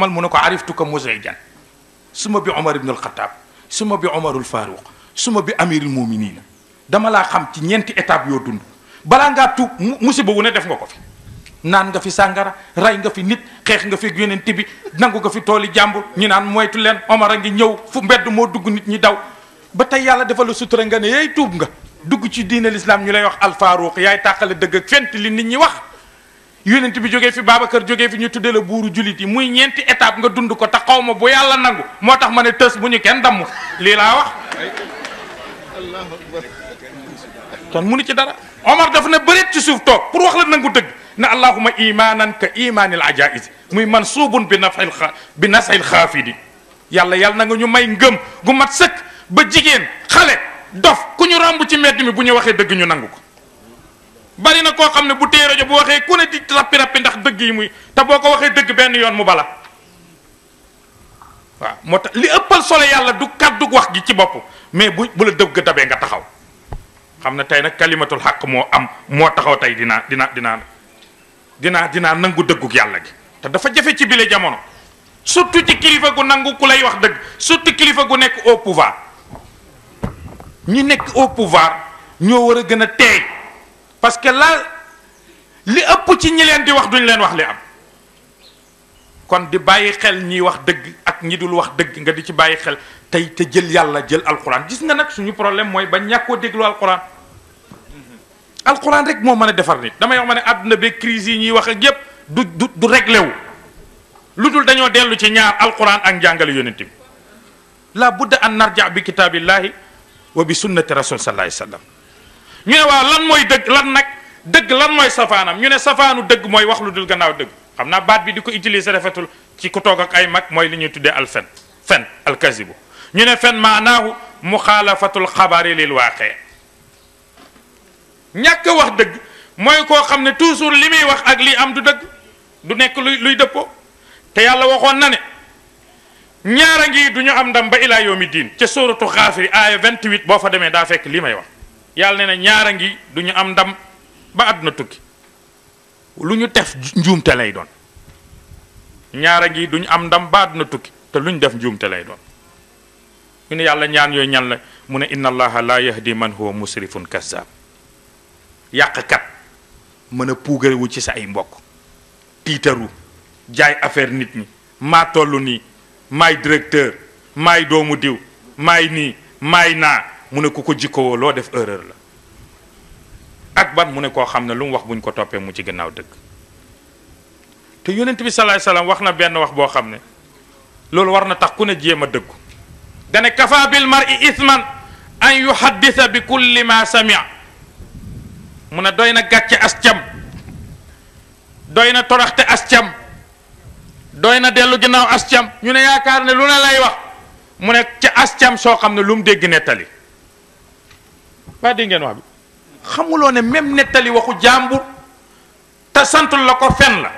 amal mu ne ko ariftuka muzayjan suma bi omar ibnul xataab suma bi omarul faaruq suma bi amirul muminina dama laa xam ci ñeenti étape yoo dund balaa ngaa tuub musiba wu ne def nga ko fi naan nga fi sàngara rey nga fi nit xeex nga fi yeneen tibi nangu nga fi tooli jàmbur ñu naan moytu leen omar a ngi ñëw fu mbedd moo dugg nit ñi daw ba tey yàlla dafa la sutura nga ne yay tuub nga dugg ci diine l'islam ñu lay wax alfaaruq yaay tàqale dëgg ak fent li nit ñi wax yonent bi jógee fi kër jógee fi ñu tuddee la buuru jullit yi muy ñeenti étape nga dund ko te xaw ma bu yàlla nangu moo tax ma ne tës bu ñu kenn damm lii laa wax kon munu ci dara Omar dafa ne bëreet ci suuf toog pour wax la nangu dëgg na allahuma imanan ka imanil ajais muy man mansuubun bi nafil bi nasil xaafidi yàlla yàlla na nga ñu may ngëm gu mat sëkk ba jigéen xale dof ku ñu romb ci mbedd mi bu ñu waxee dëgg ñu nangu ko bari na koo xam ne bu tee rajo bu waxee ku ne di rappi rappi ndax dëgg yi muy te boo ko waxee dëgg benn yoon mu bala waaw moo tax li ëppal solo yàlla du kàddu wax gi ci bopp mais bu bu la dëgg dabee nga taxaw xam ne tey nag kalimatul xaq moo am moo taxaw tey dinaa dinaa dinaa dinaa dinaa nangu dëggu yàlla gi te dafa jafe ci bile jamono surtout ci kilifa gu nangu ku lay wax dëgg surtout kilifa gu nekk au pouvoir ñi nekk au pouvoir ñoo war a gën a teey parce que la li ëpp ci ñi leen di wax duñ leen wax li am kon di bàyyi xel ñiy wax dëgg ak ñi dul wax dëgg nga di ci bàyyi xel tey te jël yàlla jël alquran gis nga nag suñu problème mooy ba ñàkkoo déglu alquran alquran rek moo mën a defar nit damay wax ma ne àdduna bi crise yi ñuy wax ak yépp du du du lu dul dañoo dellu ci ñaar alquran ak njàngale yonent bi la budda an narja bi kitaabillahi wa bi sunnati rasul sallallahu alayhi wa ñu ne waaw lan mooy dëgg lan nag dëgg lan mooy safaanam ñu ne safaanu dëgg mooy wax lu dul gannaaw dëgg xam naa baat bi di ko utiliser rafetul ci ku toog ak ay mag mooy li ñuy tuddee al fen fen al kasibu ñu ne fen maanaahu muxaalafatul xabari lil waaqee ñàkk wax dëgg mooy koo xam ne toujours li muy wax ak lii am du dëgg du nekk luy luy dëppoo te yàlla waxoon na ne ñaara ngi du ñu am ndam ba ilaa yawmi diin ca sóoratu xaafiri aaya 28 boo fa demee daa fekk li may wax yàlla na ñaar a ngi du ñu am ndam ba àdduna tukki lu ñu def njuumte lay doon ñaar a ngi ñu am ndam ba àdduna tukki te lu ñu def njuumte lay doon ñu ne yàlla ñaan yooyu ñan la mu ne inna allaha la yahdi man huwa musrifun kazzab yàqkat mën a puugarewu ci sa ay mbokk tiitaru jaay affaire nit ñi maa toll nii maay directeur maay doomu diw maay nii maay naa mu ne ku ko jikkowoo loo def erreur la ak ban mu ne koo xam ne lu mu wax buñ ko toppee mu ci gannaaw dëgg te yonent bi salaay salaam wax na benn wax boo xam ne loolu war na tax ku ne jéem a dëggu dane kafa bil mar'i ithman an yuhaddisa bi kulli ma samia mu ne doy na gàcce as cam doy na toroxte as cam doy na dellu ginnaaw as cam ñu ne yaakaar ne lu ne lay wax mu ne ca as cam soo xam ne lu mu dégg nettali waa dégg ngeen wax bi xamuloo ne même nettali waxu jàmbur te santul la ko fen la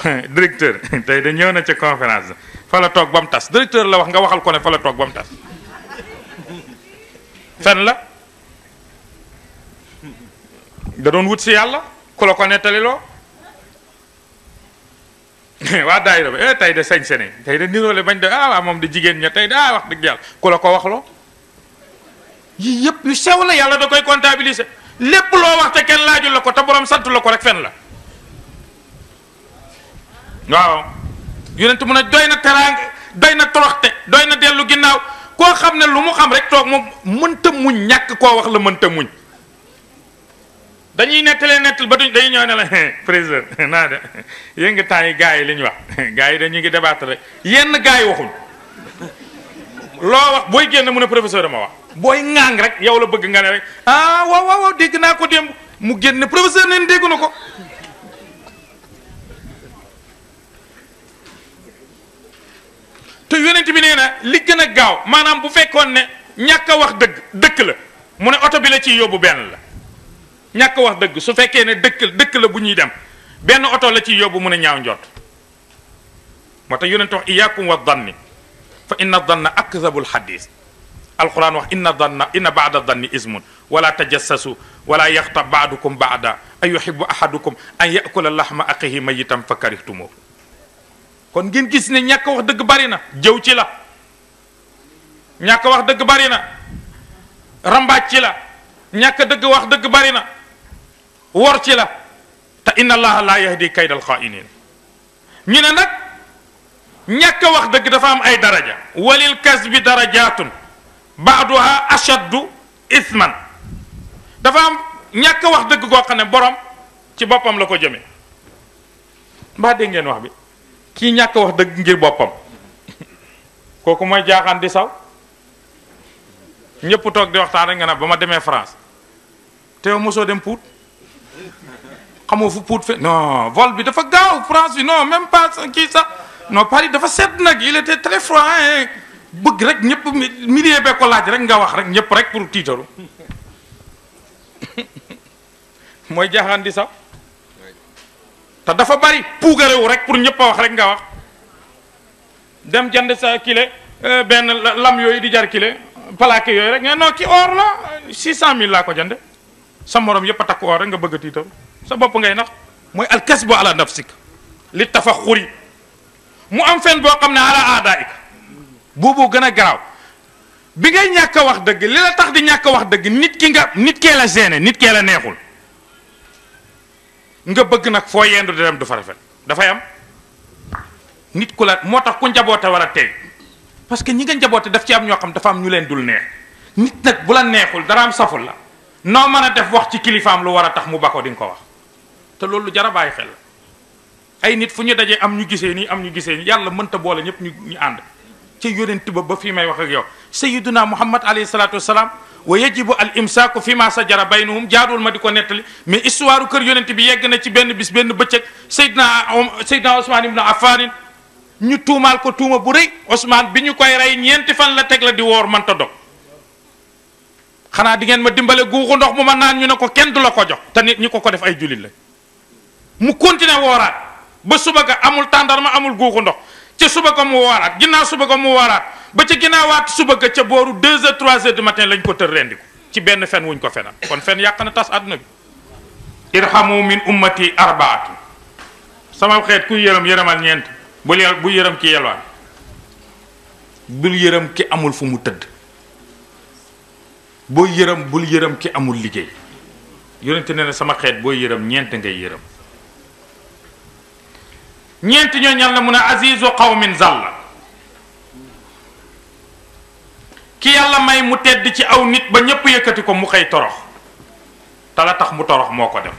directeur tey da ñëw na ca conférence fa la toog ba mu tas directeur la wax nga waxal ko ne fa la toog ba mu tas fen la da doon wut si yàlla ku la ko nettaliloo waa daayira ba eh tey de sañ sene tey de niroole bañ de ah waa moom de jigéen ña tey de ah, wax dëgg yàlla ku la ko waxloo yii yëpp yu sew la yàlla da koy comptabiliser lépp loo wax te kenn laaju la ko te borom sant la ko rek fen la waaw yonent mu a doy na teraanga doy na toroxte doy na dellu ginnaaw koo xam ne lu mu xam rek toog moom mënta muñ ñàkk koo wax la mënta muñ dañuy nettalee nettal ba duñ dañuy ñëw ne la président naa de yéen yi gars yi li ñu wax gars yi dañu ngi débattre rek yenn gars yi waxuñ loo wax booy génn mu ne professeur dama wax booy ŋaang rek yow la bëgg nga ne rek ah waaw waaw dégg naa ko démb mu génn professeur neen dégg na ko te yonent mi nee na li gën a gaaw maanaam bu fekkoon ne ñàkk wax dëgg dëkk la mu ne oto bi la ciy yóbbu benn la ñàkk wax dëgg su fekkee ne dëkk dëkk la bu ñuy dem benn oto la ciy yóbbu mu ne ñaaw njott moo tax yonent wax iyaakum wa danni fa inna danna akzabul xadis alquran wax inna danna inna baada danni ismun wala tajassasu wala yaxtab baadukum baada ay yuhibbu ahadukum an yakula lahma aqihi mayitan fa karihtumoo kon ngeen gis ne ñàkk wax dëgg bari na jëw ci la ñàkk wax dëgg bari na rambaaj ci la ñàkk dëgg wax dëgg bari na wor ci la te inna allaha laa yahdi kaydal xaa'iniin ñu ne nag ñàkk wax dëgg dafa am ay daraja walil kasbi darajaatun baaduha ashaddu isman dafa am ñàkk wax dëgg goo xam ne borom ci boppam la ko jëmee mbaa dégg ngeen wax bi kii ñàkk wax dëgg ngir boppam kooku mooy jaaxaan di saw ñëpp toog di waxtaan rek nga ne ba ma demee France te mosoo dem Pout xamoo fu Pout fe non vol bi dafa gaaw France bi non même pas kii sax non Paris dafa sedd nag il était très froid bëgg rek ñëpp milieu bee ko laaj rek nga wax rek ñëpp rek pour tiitaru mooy jaaxaan di sax te dafa bari puugarewu rek pour ñëpp wax rek nga wax dem jënd sa kile euh, benn lam yooyu di jar kile plaque yooyu rek nga non ki or la six cent mille laa ko jënd sa morom yëpp a takku or rek nga bëgg a tiitaru sa bopp ngay nax mooy alkasbu ala nafsik li tafaxuri mu am fen boo xam ne ala aadaika booboo gën a garaaw bi ngay ñàkk a wax dëgg li la tax di ñàkk a wax dëgg nit ki nga nit kee la seene nit kee la neexul nga bëgg nag foo yendu di dem du fa rafet dafay am nit ku la moo tax ku njaboote war a tey parce que ñi nga njaboote daf ci am ñoo xam dafa am ñu leen dul neex nit nag bu la neexul daraam saful la noo mën a def wax ci kilifaam lu war a tax mu bako di nga ko wax te loolu lu jar a bàyyi xel la ay nit fu ñu dajee am ñu gisee nii am ñu gisee nii yàlla mënta boole ñëpp ñu ñu ànd ca yonent ba ba fii may wax ak yow sayiduna muhammad alayhi salatu wasalaam wa yajibu al imsaaku fi ma sajara baynahum jaadul ma di ko nettali mais histoire kër yonent bi yegg na ci benn bis benn bëccëg sayidna sayidna osmaan ibnu affaanin ñu tuumaal ko tuuma bu rëy osmaan bi ñu koy rey ñeenti fan la teg la di woor mënta dog xanaa di ngeen ma dimbale guuxu ndox mu ma naan ñu ne ko kenn du la ko jox te nit ñi ko ko def ay jullit la mu continuer wooraat ba suba ga amul tàndarma amul guuxu ndox ca suba ko mu waaraat ginnaaw suba ko mu waaraat ba ca ginnaawaat suba ko ca booru 2 heures 3 heures du matin lañ ko tër rendi ko ci benn fen wuñ ko fenal kon fen yàq na tas àdduna bi irhamu min ummati arbaatu sama xeet ku yërëm yërëmal ñeent bul bu yërëm ki yelwaan bul yërëm ki amul fu mu tëdd boo yërëm bul yërëm ki amul liggéey yonente ne na sama xeet boo yërëm ñeent ngay yërëm ñeenti ñoo ñan la mun a azizu qawmin zalla ki yàlla may mu tedd ci aw nit ba ñépp yëkkati ko mu xëy torox te la tax mu torox moo ko def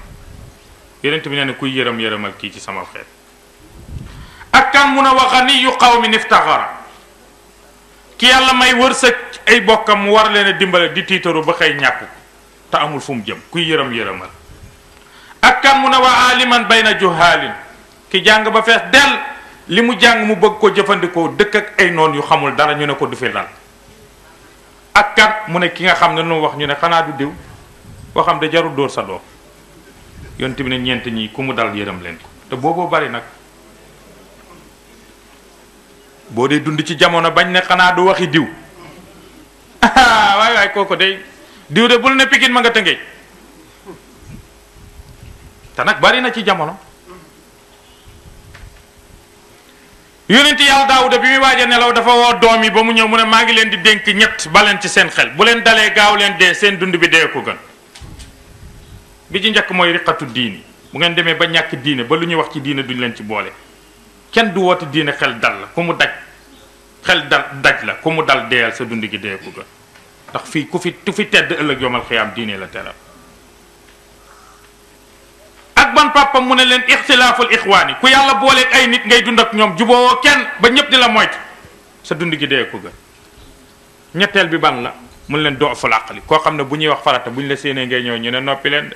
yonent bi nee na kuy yërëm yërëmal kii ci sama xeet ak kan mun a waxa ni yu qawmin iftaxara ki yàlla may wërsëg ay bokkam mu war leen a dimbale di tiitaru ba xëy ñàkk te amul fu mu jëm kuy yërëm yërëmal ak kan mun a wa aliman bayna juhaalin ki jàng ba fees dell li mu jàng mu bëgg ko jëfandikoo dëkk ak ay noon yu xamul dara ñu ne ko du fi lal ak kat mu ne ki nga xam ne nu wax ñu ne xanaa du diw boo xam ne jarul dóor sa doom yoon bi ne ñeent ñi ku mu dal yërëm leen ko te booboo bari nag boo dee dund ci jamono bañ ne xanaa du waxi diw waay waay kooku day diw de bul ne Pikine ma nga tëngee te nag bari na ci jamono yonent yàlla daawuda bi muy waaj nelaw dafa woo doom yi ba mu ñëw mu ne maa ngi leen di dénk ñett baleen ci seen xel bu leen dalee gaaw leen dee seen dund bi dee ko gën bi ci njëkk mooy riqatu diini bu ngeen demee ba ñàkk diine ba lu ñuy wax ci diine duñ leen ci boole kenn du woote diine xel dal la ku mu daj xel dal daj la ku mu dal deeyal sa dund gi dee ko gën ndax fii ku fi tu fi tedd ëllëg yomal am diine la teral man papa mu ne leen ixtilaaful ixwaani ku yàlla booleeg ay nit ngay dund ak ñoom juboo kenn ba ñëpp di la moytu sa dund gi dee ko gën ñetteel bi ban la mun leen doo ful àqali koo xam ne bu ñuy wax farata bu ñu la séenee ngay ñëw ñu ne noppi leen de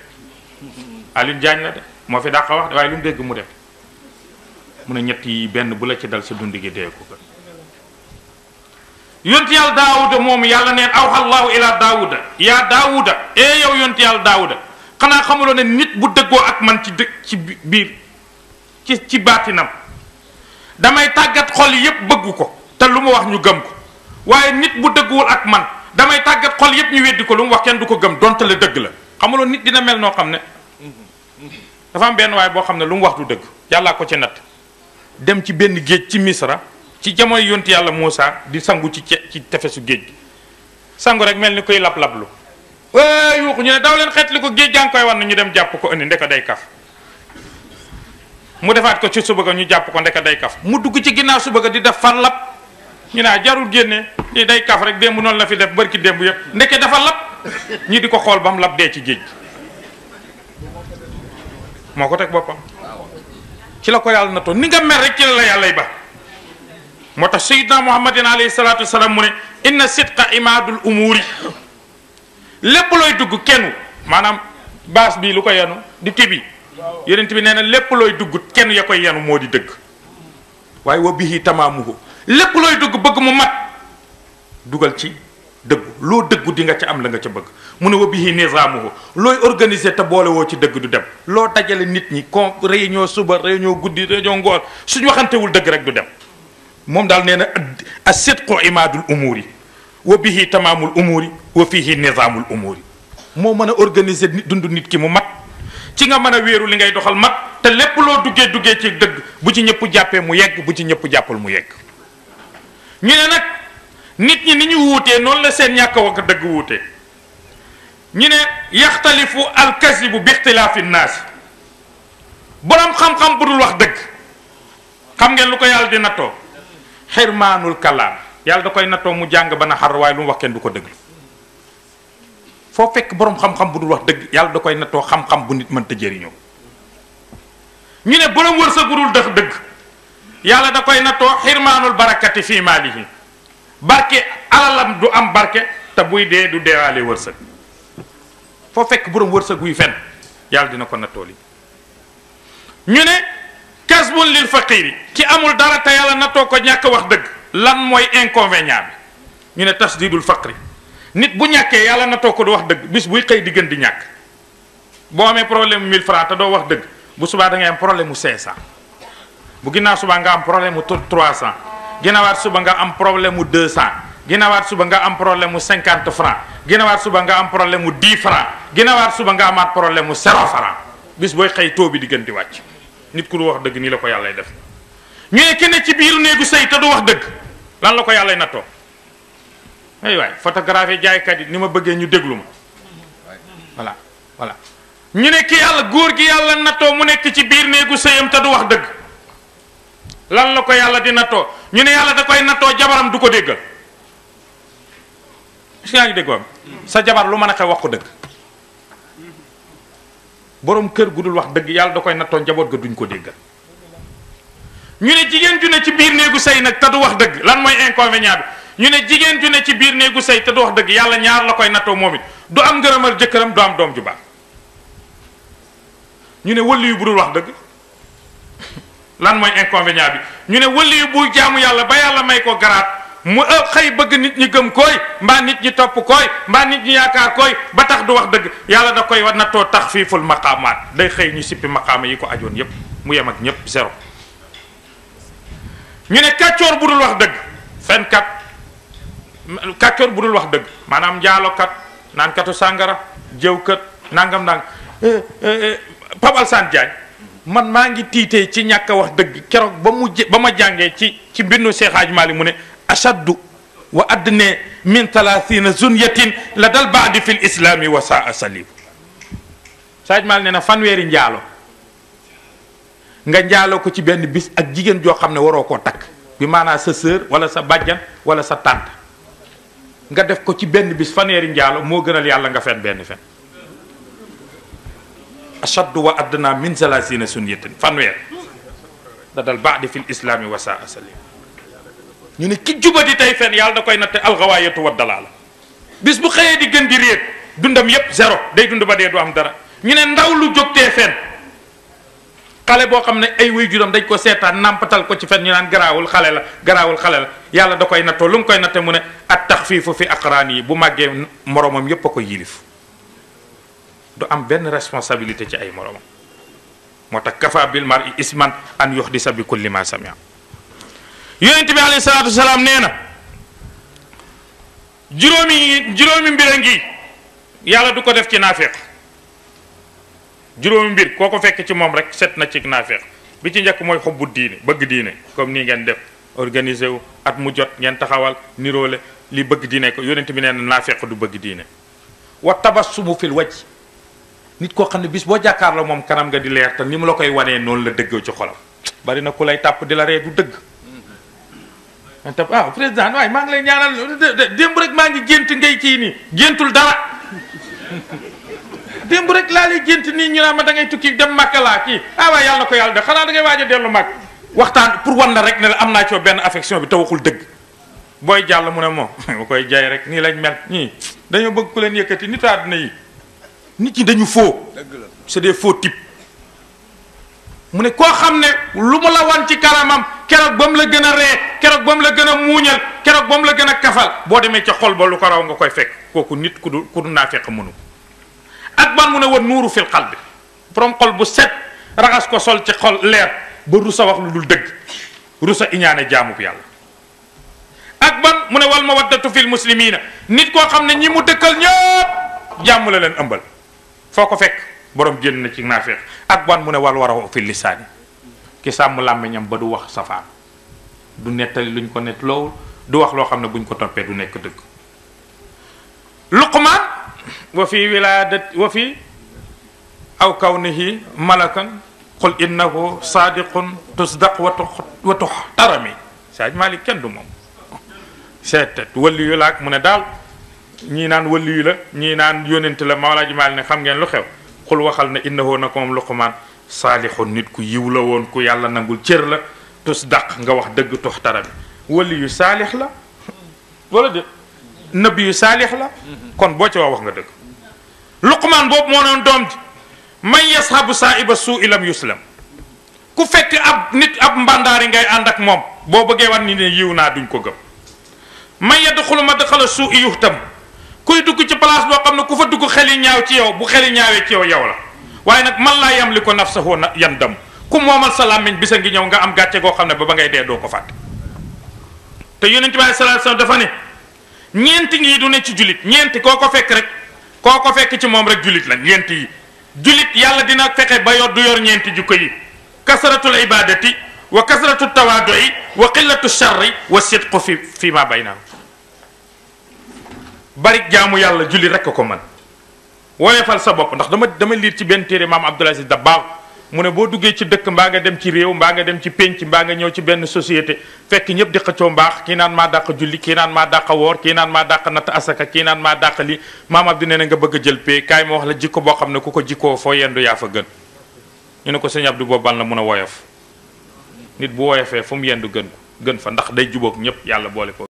Alioune Diagne la de moo fi dàq wax waaye lu mu dégg mu def mu ne ñett yi benn bu la ci dal sa dund gi dee ko gën yonti yàlla daawuda moom yàlla neen awxa allahu ila daawuda yaa daawuda ee yow xanaa xamuloo ne nit bu dëggoo ak man ci dë ci biir ci ci baatinam damay tàggat xol yépp bëgg ko te lu ma wax ñu gëm ko waaye nit bu dëgguwul ak man damay tàggat xol yépp ñu weddi ko lu mu wax kenn du ko gëm donte la dëgg la xamuloo nit dina mel noo xam ne dafa am benn waay boo xam ne lu mu wax du dëgg yàllaa ko ci natt dem ci benn géej ci misra ci jamono yont yàlla Muusa di sangu ci ci tefesu géej gi sangu rek mel ni koy lab lablu waay yuuxu ñu ne daw leen xeetli ko géej gaa ngi koy wan ñu dem jàpp ko indi ndeka day kaf mu defaat ko ci suba ga ñu jàpp ko ndeka day kaf mu dugg ci ginnaaw suba ga di def farlap ñu naa ah, jarul génne lii day kaf rek démb noonu la fi def barki démb yëpp ndeke dafa lap ñi di ko xool ba mu lap dee ci géej moo ko teg boppam ci la ko yàlla na toon ni nga mer rek ci la la yàllay ba moo tax sayyidna muhammadin alayhi salatu wasalaam mu ne inna sidqa imaadul lépp looy dugg kennu maanaam baas bii lu ko yenu di tibi yonent bi nee na lépp looy dugg kenn ya koy yenu moo di dëgg waaye wa bihi tamaamuhu lépp looy dugg bëgg mu dugal ci dëggu loo dëggu di nga ca am la nga ca bëgg mu ne wa bihi nizaamuhu looy organiser te boole woo ci dëgg du dem loo dajale nit ñi kon réunion suba réunion guddi réunion ngoor suñu waxantewul dëgg rek du dem moom daal nee na as sidqu imaadul umuur yi wa bihi tamaamul umuuri wa fihi nizaamul umuuri moo mën a organiser dund nit ki mu mat ci nga mën a wéeru li ngay doxal mat te lépp loo duggee duggee ci dëgg bu ci ñëpp jàppee mu yegg bu ci ñëpp jàppal mu yegg ñu ne nag nit ñi ni ñu wuutee noonu la seen ñàkk wax dëgg wuutee ñu ne yaxtalifu alkasibu bi ixtilaafi naasi boroom xam-xam bu dul wax dëgg xam ngeen lu ko yàlla di nattoo xirmaanul kalaam yàlla da koy nattoo mu jàng ba na xar waaye lu mu wax kenn du ko dëgg foo fekk boroom xam-xam bu dul wax dëgg yàlla da koy nattoo xam bu nit mënta jëriñoo ñu ne borom wërsëg bu dul dëx dëgg yàlla da koy nattoo xirmaanul barakati fii maalihi barke alalam du am barke te buy dee du deewaale wërsëg foo fekk borom wërsëg wuy fen yàlla dina ko nattoo li ñu ne kasbun lil faqiri ki amul dara te yàlla nattoo ko ñàkk wax dëgg lan mooy inconvénient bi ñu ne tasdidul faqri nit bu ñàkkee yàlla na toog ko du wax dëgg bis buy xëy di di ñàkk boo amee problème mu 1000 francs te doo wax dëgg bu subaa da ngay am problème mu 500 bu ginnaaw subaa nga am problème mu 300 ginnawaat suba nga am problème mu 200 ginnawaat suba nga am problème mu 50 francs ginnawaat suba nga am problème mu 10 francs ginnawaat suba nga amaat problème mu 0 francs bis booy xëy taux bi di di wàcc nit ku du wax dëgg nii la ko yàllay def ñu lan la ko yàlla nattoo ay waay jaaykat yi ni ma bëggee ñu déglu ma voilà voilà ñu ne ki yàlla góor gi yàlla nattoo mu nekk ci biir néegu sëyam te du wax dëgg lan la ko yàlla di nattoo ñu ne yàlla da koy nattoo jabaram du ko déggal si yaa ngi déggoon sa jabar lu mën a xew wax ko dëgg borom kër gu dul wax dëgg yàlla da koy nattoo njaboot ga duñ ko déggal ñu ne jigéen ju ne ci biir néegu sëy nag te du wax dëgg lan mooy inconvénient bi ñu ne jigéen ju ne ci biir néegu sëy te du wax dëgg yàlla ñaar la koy nattoo moom it du am ngërëmal jëkkëram du am doom ju baax ñu ne wëlli bu dul wax dëgg lan mooy inconvénient bi ñu ne wëlli yu bu jaamu yàlla ba yàlla may ko garaat mu ëpp xëy bëgg nit ñi gëm koy mbaa ñi topp koy mbaa nit ñi ba tax du dëgg yàlla da koy war nattoo taxfiiful maqaamaat day xëy ñu sippi maqaama yi ko ajoon yépp mu yem ak ñépp zéro ñu ne kàccoor bu dul wax dëgg fenkat kàccoor bu dul wax dëgg maanaam njaalokat naankatu sàngara jëwkat nangam nang eh, eh, eh, Pape Alsane Diagne man maa ngi tiitee ci ñàkk wax dëgg keroog ba mu ba ma jàngee ci ci mbindu Cheikh Hadj Malick mu ne ashaddu wa adne min talathina zunyatin la dal baadi fi l islami wa saa salibu Hadj Malick ne na fanweeri njaalo nga njaaloo ko ci benn bis ak jigéen joo xam ne waroo koo takk bi maanaa sa sœur wala sa bàjjan wala sa tànt nga def ko ci benn bis faneeri njaalo moo gënal yàlla nga fen benn fen ashaddu wa adna min salaasina sunyatin fanweer da dal baadi fi lislaami wa saa ñu ne ki jubadi tey fen yàlla da koy natte alxawaayatu wa dalaala bis bu xëyee di gën di réer dundam yépp zéro day dund ba dee du am dara ñu ne ndaw lu jógtee fen xale boo xam ne ay wuy juróom dañ ko seetaan nàmpatal ko ci fet ñu naan garaawul xale la garaawul xale la yàlla da koy nattoo lu mu koy natte mu ne at taxfiifu fi aqraan yi bu màggee moroomam yépp a ko yilif du am benn responsabilité ci ay moroomam moo tax kafa bil mar i isman an yuhdisa bi kulli ma samia yonent bi alayhi nee na juróomi juróomi mbir ngi yàlla du ko def ci naafeq juróomi mbir koo ko fekk ci moom rek set na ci naafeex bi ci njëkk mooy bu diine bëgg diine comme nii ngeen def organiser wu at mu jot ngeen taxawal niroole li bëgg diine ko yonent bi nee na du bëgg diine wa tabassumu fil waj nit koo xam ne bis boo jàkkaar la moom kanam nga di leer te ni mu la koy wanee noonu la dëggoo ci xolam bari na ku lay tàpp di la ree du dëgg an ta waaw président waaye maa ngi lay ñaanal démb rek maa ngi gént ngay kii nii géntul dara démb rek laa lay gént nii ñu naan ma da ngay tukki dem Màkka laa kii ah waaw yàlla na ko yàlla def xanaa da ngay waaj a dellu Màkk waxtaan pour wan la rek ne la am naa ci benn affection bi te waxul dëgg booy jàll mu ne moom nga koy jaay rek nii lañ mel ñii dañoo bëgg ku leen yëkkati nitu àdduna yi nit ñi dañu faux c'est des faux types mu ne koo xam ne lu mu la wan ci karamam keroog ba mu la gën a ree keroog ba mu la gën a muuñal keroog ba mu la gën a kafal boo demee ca xol ba lu ko raw nga koy fekk kooku nit ku du ku naa fekk mënu ak ban mu ne woon nuuru fil xal bi borom xol bu set raxas ko sol ci xol leer ba rusa wax lu dul dëgg rusa iñaane jaamub yàlla ak ban mu ne wal mawaddatu fil muslimina nit koo xam ne ñi mu dëkkal ñëpp jàmm la leen ëmbal foo ko fekk borom génn na ci naafeeq ak ban mu ne wal waraw fil lisaani ki sàmm làmmiñam ba du wax safaan du nettali luñ ko nett loowul du wax loo xam ne buñ ko toppee du nekk dëgg luqmaan wa fi wilaadat wa fi aw kawnihi malakan qul innahu sadiqun tusdaq wa wa tuxtarami sa Malik kenn du moom seetet wëlli laak mu ne daal ñii naan wëlli yu la ñi naan yónent la Mawlaaji Malik ne xam ngeen lu xew xul waxal na innahu na ko moom Luqmaan nit ku yiw la woon ku yàlla nangul cër la tus daq nga wax dëgg tuxtarami wëlli yu saalix la wala de nabi saalix la mm-hmm. kon boo ca wax nga dëgg luqmaan boobu moo noon doom ji man yashabu saahiba suu ilam yuslam ku fekk ab nit ab mbàndaari ngay ànd ak moom boo bëggee wan ni ne yiw naa duñ ko gëm man yadxulu madxala suu i tam kuy dugg ci place boo xam ne ku fa dugg xeli ñaaw ci yow bu xeli ñaawee ci yow yow la waaye nag man laa yam li ko nafsahu yan dam ku moomal sa làmmiñ bisa ngi ñëw nga am gàcce goo xam ne ba ba ngay dee doo ko fàtte te yonent bi sa alayhi wasallam dafa ne ñeenti ngi du ci jullit ñeenti koo ko fekk rek koo ko fekk ci moom rek jullit la ñeent yi jullit yàlla dina fexe ba du yor ñeenti jukko yi kasratul ibadati wa kasratu tawaadui wa qillatu charri wa sidqu fi fi ma baynahum bari jaamu yàlla jullit rek ko man woyefal sa bopp ndax dama dama liir ci benn téere maam Abdoul Aziz Dabakh mu ne boo duggee ci dëkk mbaa nga dem ci réew mbaa nga dem ci pénc mbaa nga ñëw ci benn société fekk ñëpp di xëccoo mbaax ki naan maa dàq julli kii naan maa dàq woor ki naan ma dàq natt asaka kii naan maa dàq li maam Abdu ne na nga bëgg a jël pee kaay ma wax la jikko boo xam ne ku ko jikkoo foo yendu yaa fa gën ñu ne ko sëñ Abdu boobal la mun a woyof nit bu woyofee fu mu yendu gën ko gën fa ndax day jubóog ñëpp yàlla boole ko